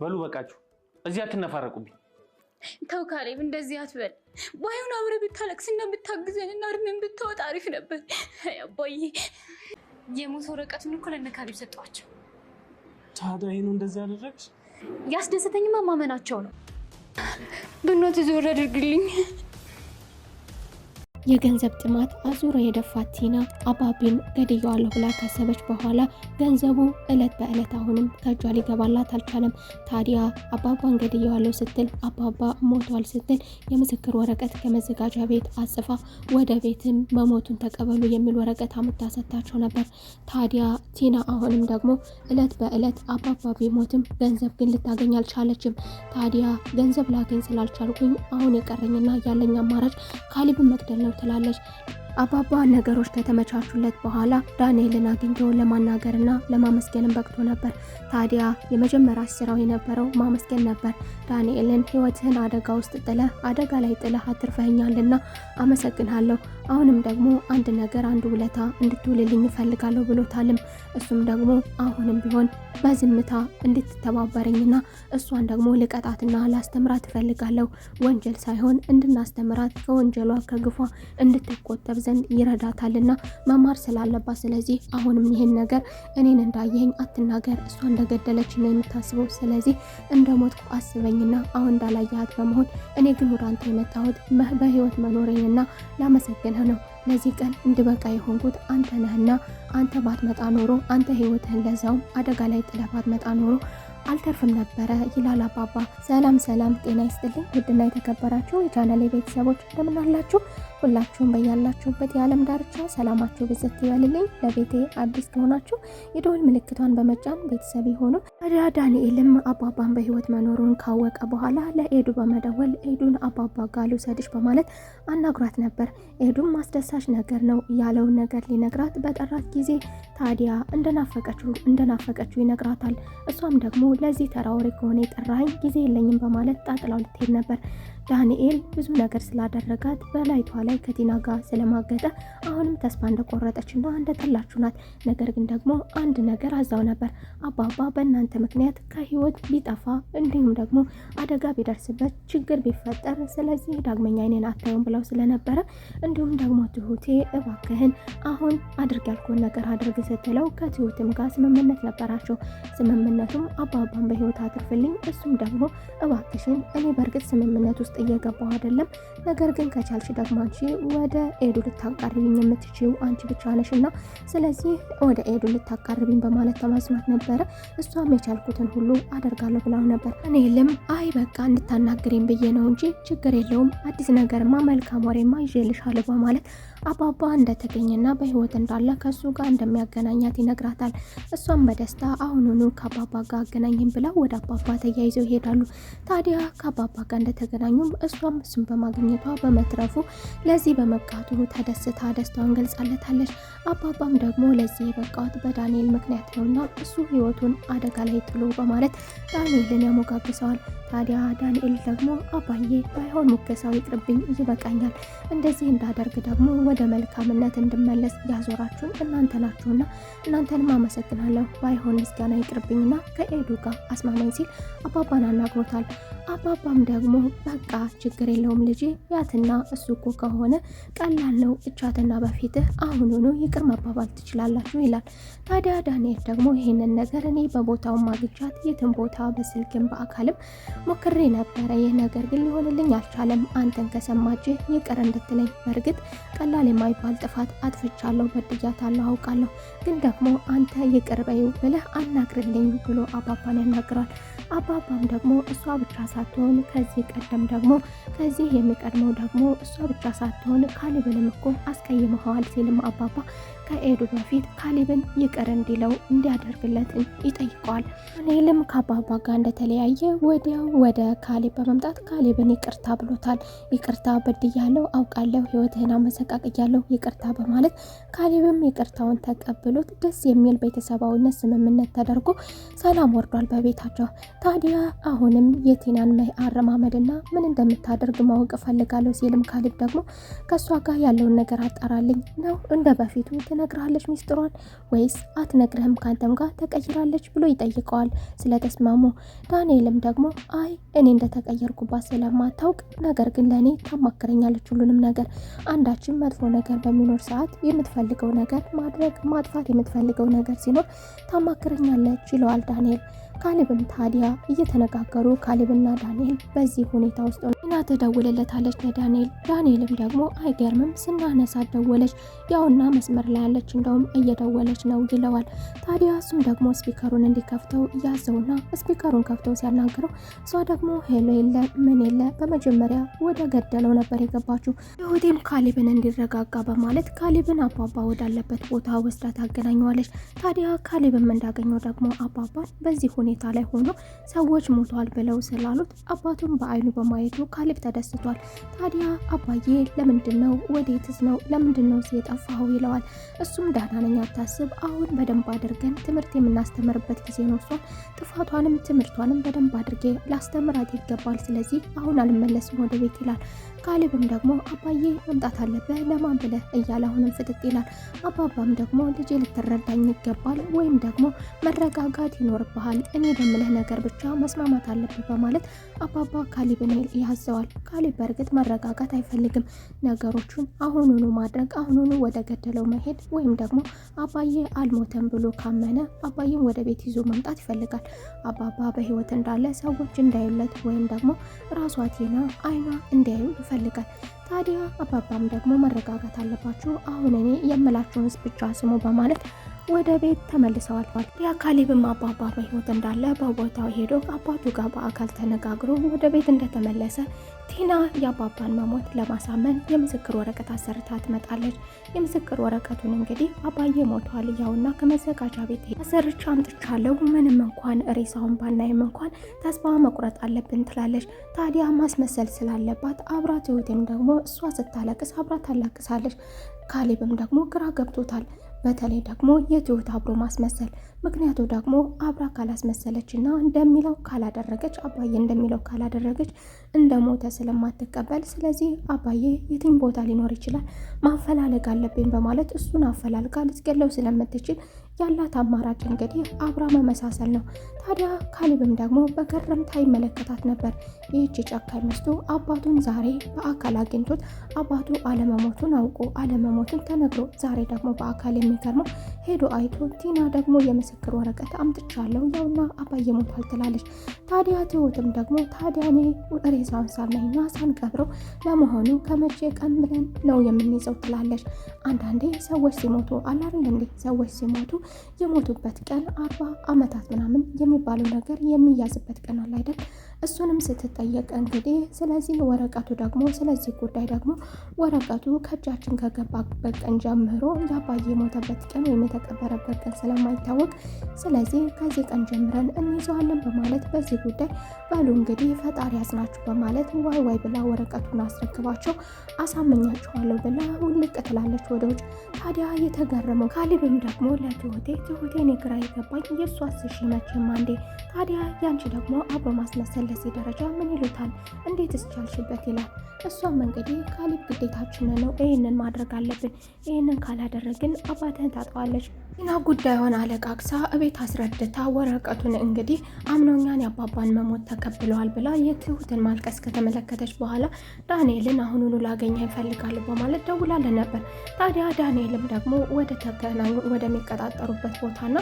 በሉ በቃችሁ፣ እዚህ አትነፋረቁብኝ። ተው ካሌብ፣ እንደዚህ አትበል። ባይሆን አብረህ ብታለቅስና ብታግዘን እና እርምን ብታወጣ አሪፍ ነበር። አባዬ የሞት ወረቀቱን እኮ ለእነ ካሌብ ሰጠኋቸው። ታዲያ ይሄ ነው እንደዚህ ያደረግሽ? ያስደሰተኝማ ማመናቸው ነው። ብኖት ዞር አድርግልኝ። የገንዘብ ጥማት አዙረ የደፋት ቲና አባቢን ገድየዋለሁ ብላ ካሰበች በኋላ ገንዘቡ እለት በእለት አሁንም ከእጇ ሊገባላት አልቻለም። ታዲያ አባባን ገድየዋለሁ ስትል አባባ ሞቷል ስትል የምስክር ወረቀት ከመዘጋጃ ቤት አጽፋ ወደ ቤትም መሞቱን ተቀበሉ የሚል ወረቀት አምታ ሰጥታቸው ነበር። ታዲያ ቲና አሁንም ደግሞ እለት በእለት አባባ ቢሞትም ገንዘብ ግን ልታገኝ አልቻለችም። ታዲያ ገንዘብ ላገኝ ስላልቻልኩኝ አሁን የቀረኝና ያለኝ አማራጭ ካሊብን መግደል ነው ትላለች። አባባ ነገሮች ከተመቻቹለት በኋላ ዳንኤልን አግኝቶ ለማናገርና ለማመስገንም በቅቶ ነበር። ታዲያ የመጀመሪያ ስራው የነበረው ማመስገን ነበር። ዳንኤልን ህይወትህን አደጋ ውስጥ ጥለህ አደጋ ላይ ጥለህ አትርፈኛልና አመሰግናለሁ። አሁንም ደግሞ አንድ ነገር አንድ ውለታ እንድትውልልኝ እፈልጋለሁ ብሎታልም። እሱም ደግሞ አሁንም ቢሆን በዝምታ እንድትተባበረኝና እሷን ደግሞ ልቀጣትና ላስተምራት እፈልጋለሁ። ወንጀል ሳይሆን እንድናስተምራት ከወንጀሏ ከግፏ እንድትቆጠብ ዘንድ ይረዳታልና መማር ስላለባት። ስለዚህ አሁንም ይህን ነገር እኔን እንዳየኝ አትናገር፣ እሷ እንደገደለች ነው የምታስበው። ስለዚህ እንደ ሞትኩ አስበኝና አሁን እንዳላየሃት በመሆን እኔ ግን ወደ አንተ የመጣሁት በህይወት መኖሬንና ላመሰግንህ ነው። ለዚህ ቀን እንድበቃ የሆንኩት አንተ ነህና አንተ ባትመጣ ኖሮ አንተ ህይወትህን ለዛውም አደጋ ላይ ጥለህ ባትመጣ ኖሮ አልተርፍም ነበረ ይላል አባባ። ሰላም ሰላም፣ ጤና ይስጥልኝ ውድና የተከበራችሁ የቻናሌ ቤተሰቦች እንደምናላችሁ ሁላችሁም በያላችሁበት የዓለም ዳርቻ ሰላማችሁ ብዘት ይበልልኝ። ለቤቴ አዲስ ከሆናችሁ የደወል ምልክቷን በመጫን ቤተሰብ የሆኑ አዳ ዳንኤልም አባባን በህይወት መኖሩን ካወቀ በኋላ ለኤዱ በመደወል ኤዱን አባባ ጋር ልውሰድሽ በማለት አናግሯት ነበር። ኤዱም ማስደሳች ነገር ነው ያለውን ነገር ሊነግራት በጠራት ጊዜ ታዲያ እንደናፈቀችው እንደናፈቀችው ይነግራታል። እሷም ደግሞ ለዚህ ተራ ወሬ ከሆነ የጠራኝ ጊዜ የለኝም በማለት ጣጥላው ልትሄድ ነበር። ዳንኤል ብዙ ነገር ስላደረጋት በላይቷ ላይ ከቲና ጋር ስለማገጠ አሁንም ተስፋ እንደቆረጠችና እንደጠላችሁ ናት። ነገር ግን ደግሞ አንድ ነገር አዛው ነበር። አባባ በእናንተ ምክንያት ከህይወት ቢጠፋ እንዲሁም ደግሞ አደጋ ቢደርስበት ችግር ቢፈጠር፣ ስለዚህ ዳግመኛ አይኔን አታዩም ብለው ስለነበረ እንዲሁም ደግሞ ትሁቴ እባክህን አሁን አድርግ ያልኩህን ነገር አድርግ ስትለው ከትሁትም ጋር ስምምነት ነበራቸው። ስምምነቱም አባባን በህይወት አትርፍልኝ፣ እሱም ደግሞ እባክሽን እኔ በእርግጥ ስምምነት ውስጥ እየገባው አይደለም። ነገር ግን ከቻልሽ ደግሞ አንቺ ወደ ኤዱ ልታቃርቢኝ የምትችው አንቺ ብቻ ነሽ እና ስለዚህ ወደ ኤዱ ልታቃርቢኝ በማለት ተማጽናት ነበረ። እሷም የቻልኩትን ሁሉ አደርጋለሁ ብላው ነበር። እኔ ልም አይ በቃ እንድታናግሬን ብዬ ነው እንጂ ችግር የለውም አዲስ ነገርማ መልካም ወሬማ ይዤልሻለሁ በማለት አባባ እንደተገኘና በህይወት እንዳለ ከእሱ ጋር እንደሚያገናኛት ይነግራታል። እሷም በደስታ አሁኑኑ ከአባባ ጋር አገናኝም ብለው ወደ አባባ ተያይዘው ይሄዳሉ። ታዲያ ከአባባ ጋር እንደተገናኙም እሷም እሱን በማግኘቷ በመትረፉ ለዚህ በመብቃቱ ተደስታ ደስታውን ገልጻለታለች። አባባም ደግሞ ለዚህ የበቃት በዳንኤል ምክንያት ነውና እሱ ህይወቱን አደጋ ላይ ጥሎ በማለት ዳንኤልን ያሞጋግሰዋል። ታዲያ ዳንኤል ደግሞ አባዬ ባይሆን ሙገሳው ይቅርብኝ፣ ይበቃኛል። እንደዚህ እንዳደርግ ደግሞ ወደ መልካምነት እንድመለስ ያዞራችሁን እናንተ ናችሁና እናንተንም አመሰግናለሁ። ባይሆን ምስጋና ይቅርብኝና ከኤዱ ጋር አስማማኝ ሲል አባባን አናግሮታል። አባባም ደግሞ በቃ ችግር የለውም ልጄ፣ ያትና እሱ እኮ ከሆነ ቀላል ነው። እቻትና በፊትህ አሁኑኑ ይቅር መባባል ትችላላችሁ ይላል። ታዲያ ዳንኤል ደግሞ ይህንን ነገር እኔ በቦታው ማግቻት የትን ቦታ በስልክም በአካልም ሞክሬ ነበረ። ይህ ነገር ግን ሊሆንልኝ አልቻለም። አንተን ከሰማች ይቅር እንድትለኝ። በእርግጥ ቀላል የማይባል ጥፋት አጥፍቻለሁ፣ በድያታለሁ፣ አውቃለሁ። ግን ደግሞ አንተ ይቅር በይው ብለህ አናግርልኝ ብሎ አባባን ያናግራል። አባባም ደግሞ እሷ ብቻ ሳትሆን ከዚህ ቀደም ደግሞ ከዚህ የሚቀድመው ደግሞ እሷ ብቻ ሳትሆን ካሊብንም እኮ አስቀይመኸዋል ሲልም አባባ ከኤዱ በፊት ካሊብን ይቅር እንዲለው እንዲያደርግለት ይጠይቀዋል። ኔልም ከአባባ ጋር እንደተለያየ ወዲያው ወደ ካሌብ በመምጣት ካሌብን ይቅርታ ብሎታል። ይቅርታ በድያለሁ፣ አውቃለሁ፣ ህይወትህን አመሰቃቅያለሁ፣ ይቅርታ በማለት ካሌብም ይቅርታውን ተቀብሎት ደስ የሚል ቤተሰባዊነት ስምምነት ተደርጎ ሰላም ወርዷል በቤታቸው። ታዲያ አሁንም የቲናን አረማመድና ምን እንደምታደርግ ማወቅ እፈልጋለሁ ሲልም ካሌብ ደግሞ ከእሷ ጋር ያለውን ነገር አጣራልኝ ነው እንደ በፊቱ ትነግራለች ሚስጥሯን ወይስ አትነግርህም፣ ከአንተም ጋር ተቀይራለች ብሎ ይጠይቀዋል ስለተስማሙ ዳንኤልም ደግሞ አይ እኔ እንደተቀየርኩባት ስለማታውቅ ነገር ግን ለእኔ ታማክረኛለች ሁሉንም ነገር። አንዳችን መጥፎ ነገር በሚኖር ሰዓት የምትፈልገው ነገር ማድረግ ማጥፋት የምትፈልገው ነገር ሲኖር ታማክረኛለች ይለዋል ዳንኤል። ካሌብም ታዲያ እየተነጋገሩ ካሌብና ዳንኤል በዚህ ሁኔታ ውስጥ ና ትደውልለታለች ለዳንኤል። ዳንኤልም ደግሞ አይገርምም ስናነሳ ደወለች፣ ያውና መስመር ላይ ያለች እንደውም እየደወለች ነው ይለዋል። ታዲያ እሱም ደግሞ ስፒከሩን እንዲከፍተው ያዘውና ስፒከሩን ከፍተው ሲያናግረው እሷ ደግሞ ሄሎ የለ ምን የለ በመጀመሪያ ወደ ገደለው ነበር የገባችው። ይሁቴም ካሌብን እንዲረጋጋ በማለት ካሌብን አባባ ወዳለበት ቦታ ወስዳ ታገናኘዋለች። ታዲያ ካሌብም እንዳገኘው ደግሞ አባባን በዚህ ሁኔ ሁኔታ ላይ ሆኖ ሰዎች ሞቷል ብለው ስላሉት አባቱን በአይኑ በማየቱ ካሌብ ተደስቷል። ታዲያ አባዬ ለምንድን ነው ወዴትስ ነው ለምንድን ነው የጠፋኸው ይለዋል። እሱም ደህና ነኝ አታስብ፣ አሁን በደንብ አድርገን ትምህርት የምናስተምርበት ጊዜ ነው። እሷን ጥፋቷንም ትምህርቷንም በደንብ አድርጌ ላስተምራት ይገባል። ስለዚህ አሁን አልመለስም ወደ ቤት ይላል። ካሌብም ደግሞ አባዬ መምጣት አለብህ ለማን ብለህ እያለ አሁንም ፍጥጥ ይላል። አባባም ደግሞ ልጄ ልትረዳኝ ይገባል ወይም ደግሞ መረጋጋት ይኖርብሃል እኔ በምልህ ነገር ብቻ መስማማት አለብህ በማለት አባባ ካሊብን ያዘዋል። ካሊብ በእርግጥ መረጋጋት አይፈልግም። ነገሮቹን አሁኑኑ ማድረግ፣ አሁኑኑ ወደ ገደለው መሄድ ወይም ደግሞ አባዬ አልሞተም ብሎ ካመነ አባዬን ወደ ቤት ይዞ መምጣት ይፈልጋል። አባባ በህይወት እንዳለ ሰዎች እንዳዩለት ወይም ደግሞ ራሷ ቴና አይኗ እንዲያዩ ይፈልጋል። ታዲያ አባባም ደግሞ መረጋጋት አለባችሁ፣ አሁን እኔ የምላችሁንስ ብቻ ስሙ በማለት ወደ ቤት ተመልሰዋል። የካሊብም አባባ በህይወት እንዳለ በቦታው ሄዶ አባቱ ጋር በአካል ተነጋግሮ ወደ ቤት እንደተመለሰ ቲና የአባባን መሞት ለማሳመን የምስክር ወረቀት አሰርታ ትመጣለች። የምስክር ወረቀቱን እንግዲህ አባዬ ሞቷል እያውና ከመዘጋጃ ቤት አሰርቻ አምጥቻለሁ፣ ምንም እንኳን ሬሳውን ባናይም እንኳን ተስፋ መቁረጥ አለብን ትላለች። ታዲያ ማስመሰል ስላለባት አብራት እህትም ደግሞ እሷ ስታለቅስ አብራት ታላቅሳለች። ካሊብም ደግሞ ግራ ገብቶታል። በተለይ ደግሞ የትሁት አብሮ ማስመሰል። ምክንያቱ ደግሞ አብራ ካላስመሰለች እና እንደሚለው ካላደረገች አባዬ እንደሚለው ካላደረገች እንደ ሞተ ስለማትቀበል፣ ስለዚህ አባዬ የትኝ ቦታ ሊኖር ይችላል ማፈላለግ አለብኝ በማለት እሱን አፈላልጋ ልትገለው ስለምትችል ያላት አማራጭ እንግዲህ አብራ መመሳሰል ነው። ታዲያ ካሊብም ደግሞ በገረምታ ይመለከታት ነበር። ይህች ጨካኝ ሚስቱ አባቱን ዛሬ በአካል አግኝቶት አባቱ አለመሞቱን አውቆ አለመሞቱን ተነግሮ ዛሬ ደግሞ በአካል የሚገርመው ሄዶ አይቶ ቲና ደግሞ የምስክር ወረቀት አምጥቻለሁ ያውና አባዬ ሞቷል ትላለች። ታዲያ ትሁትም ደግሞ ታዲያ እኔ ሬሳውን ሳናይና ሳንቀብረው ለመሆኑ ከመቼ ቀን ብለን ነው የምንይዘው ትላለች። አንዳንዴ ሰዎች ሲሞቱ አላርን እንዴ ሰዎች ሲሞቱ የሞቱበት ቀን አርባ አመታት ምናምን የሚባለው ነገር የሚያዝበት ቀን አለ አይደል? እሱንም ስትጠየቅ እንግዲህ ስለዚህ ወረቀቱ ደግሞ ስለዚህ ጉዳይ ደግሞ ወረቀቱ ከእጃችን ከገባበት ቀን ጀምሮ የአባዬ የሞተበት ቀን ወይም የተቀበረበት ቀን ስለማይታወቅ ስለዚህ ከዚህ ቀን ጀምረን እንይዘዋለን በማለት በዚህ ጉዳይ በሉ እንግዲህ ፈጣሪ ያጽናችሁ በማለት ዋይ ዋይ ብላ ወረቀቱን አስረክባቸው አሳምኛችኋለሁ ብላ ውልቅ ትላለች ወደ ውጭ። ታዲያ የተገረመው ካሊብም ደግሞ ለትሁቴ ትሁቴን የግራ የገባኝ የእሷ ስሺ መቼም አንዴ ታዲያ ያንቺ ደግሞ አብሮ ማስመሰል ለዚህ ደረጃ ምን ይሉታል? እንዴት እስቻልሽበት ይላል። እሷም እንግዲህ ካሊብ ግዴታችን ነው፣ ይህንን ማድረግ አለብን፣ ይህንን ካላደረግን አባትህን ታጠዋለች ና ጉዳዩን አለቃቅሳ እቤት አስረድታ ወረቀቱን እንግዲህ አምኖኛን የአባባን መሞት ተቀብለዋል ብላ የትሁትን ማልቀስ ከተመለከተች በኋላ ዳንኤልን አሁኑኑ ላገኘ እፈልጋለሁ በማለት ደውላለ ነበር። ታዲያ ዳንኤልም ደግሞ ወደ ተገናኙ ወደሚቀጣጠሩበት ቦታና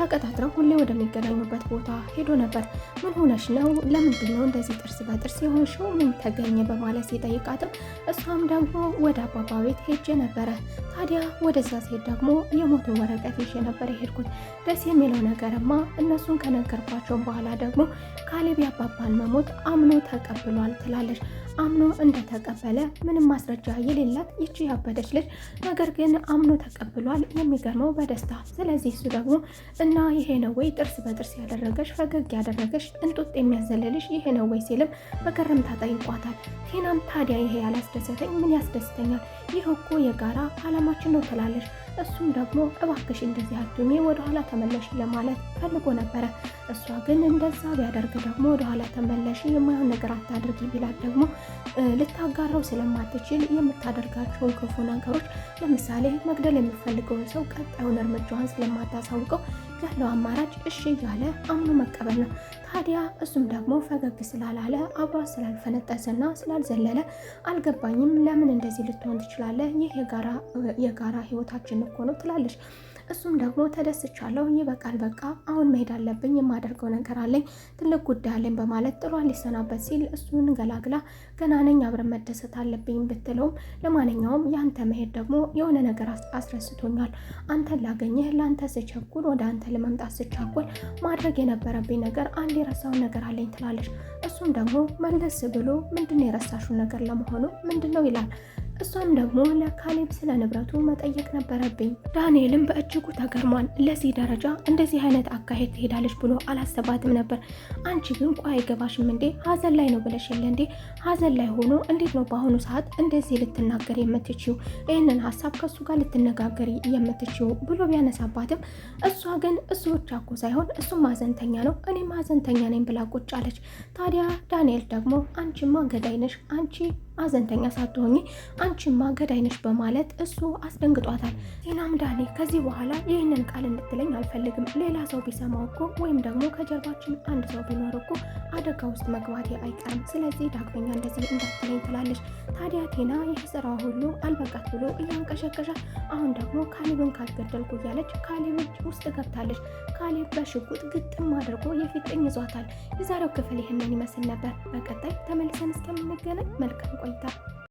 ተቀጣጥረው ሁሌ ወደሚገናኙበት ቦታ ሄዶ ነበር። ምን ሆነሽ ነው? ለምንድን ነው እንደዚህ ጥርስ በጥርስ የሆንሽው? ምን ተገኘ? በማለት ሲጠይቃትም እሷም ደግሞ ወደ አባባ ቤት ሄጄ ነበረ። ታዲያ ወደዛ ሴት ደግሞ የሞት ወረቀት ይዤ ነበር የሄድኩት። ደስ የሚለው ነገርማ እነሱን ከነገርኳቸውን በኋላ ደግሞ ካሌብ ያባባን መሞት አምኖ ተቀብሏል ትላለች። አምኖ እንደተቀበለ ምንም ማስረጃ የሌላት ይቺ ያበደች ልጅ ነገር ግን አምኖ ተቀብሏል። የሚገርመው በደስታ ስለዚህ እሱ ደግሞ እና ይሄ ነው ወይ ጥርስ በጥርስ ያደረገሽ ፈገግ ያደረገሽ እንጡጥ የሚያዘለልሽ ይሄ ነው ወይ ሲልም በገረምታ ጠይቋታል። ቴናም ታዲያ ይሄ ያላስደሰተኝ ምን ያስደስተኛል? ይህ እኮ የጋራ አላማችን ነው ትላለች። እሱም ደግሞ እባክሽ እንደዚህ አትሁኚ ወደኋላ ተመለሽ ለማለት ፈልጎ ነበረ። እሷ ግን እንደዛ ቢያደርግ ደግሞ ወደኋላ ተመለሽ የማይሆን ነገር አታድርጊ ቢላት ደግሞ ልታጋራው ስለማትችል የምታደርጋቸውን ክፉ ነገሮች ለምሳሌ መግደል የምፈልገውን ሰው ቀጣዩን እርምጃዋን ስለማታሳውቀው ያለው አማራጭ እሺ እያለ አምኖ መቀበል ነው። ታዲያ እሱም ደግሞ ፈገግ ስላላለ አብሯ ና ስላልዘለለ አልገባኝም፣ ለምን እንደዚህ ልትሆን ትችላለህ? ይህ የጋራ ህይወታችን እኮ ነው ትላለች። እሱም ደግሞ ተደስቻለሁ፣ ይበቃል፣ በቃ አሁን መሄድ አለብኝ፣ የማደርገው ነገር አለኝ፣ ትልቅ ጉዳይ አለኝ በማለት ጥሯ ሊሰናበት ሲል እሱን ገላግላ ገና ነኝ፣ አብረን መደሰት አለብኝ ብትለውም ለማንኛውም የአንተ መሄድ ደግሞ የሆነ ነገር አስረስቶኛል። አንተን ላገኘህ፣ ለአንተ ስቸኩል፣ ወደ አንተ ለመምጣት ስቻኩል ማድረግ የነበረብኝ ነገር አንድ የረሳው ነገር አለኝ ትላለች። እሱም ደግሞ መለስ ብሎ ምንድነው የረሳሽው ነገር ለመሆኑ ምንድነው ይላል። እሷም ደግሞ ለካሌብ ስለ ንብረቱ መጠየቅ ነበረብኝ። ዳንኤልም በእጅጉ ተገርሟል። ለዚህ ደረጃ እንደዚህ አይነት አካሄድ ትሄዳለች ብሎ አላሰባትም ነበር። አንቺ ግን ቆይ አይገባሽም እንዴ ሀዘን ላይ ነው ብለሽ የለ እንዴ ሀዘን ላይ ሆኖ እንዴት ነው በአሁኑ ሰዓት እንደዚህ ልትናገር የምትችው ይህንን ሀሳብ ከእሱ ጋር ልትነጋገር የምትችው ብሎ ቢያነሳባትም እሷ ግን እሱ ብቻ እኮ ሳይሆን እሱም ሀዘንተኛ ነው እኔም ሀዘንተኛ ነኝ ብላ ቁጭ አለች። ታዲያ ዳንኤል ደግሞ አንቺማ ገዳይ ነሽ አንቺ ሀዘንተኛ ሳትሆኚ አንቺማ ገዳይ ነሽ በማለት እሱ አስደንግጧታል። ዜናም ዳኔ ከዚህ በኋላ ይህንን ቃል እንድትለኝ አልፈልግም። ሌላ ሰው ቢሰማው እኮ ወይም ደግሞ ከጀርባችን አንድ ሰው ቢኖር እኮ አደጋ ውስጥ መግባቴ አይቀርም። ስለዚህ ዳግመኛ እንደዚህ እንዳትለኝ ትላለች። ታዲያ ቴና ይህ ስራ ሁሉ አልበቃት ብሎ እያንቀሸቀሸ አሁን ደግሞ ካሌብን ካትገደልኩ እያለች ካሊብ እጅ ውስጥ ገብታለች። ካሊብ በሽጉጥ ግጥም አድርጎ የፊጥኝ ይዟታል። የዛሬው ክፍል ይህንን ይመስል ነበር። በቀጣይ ተመልሰን እስከምንገናኝ መልካም ቆይታ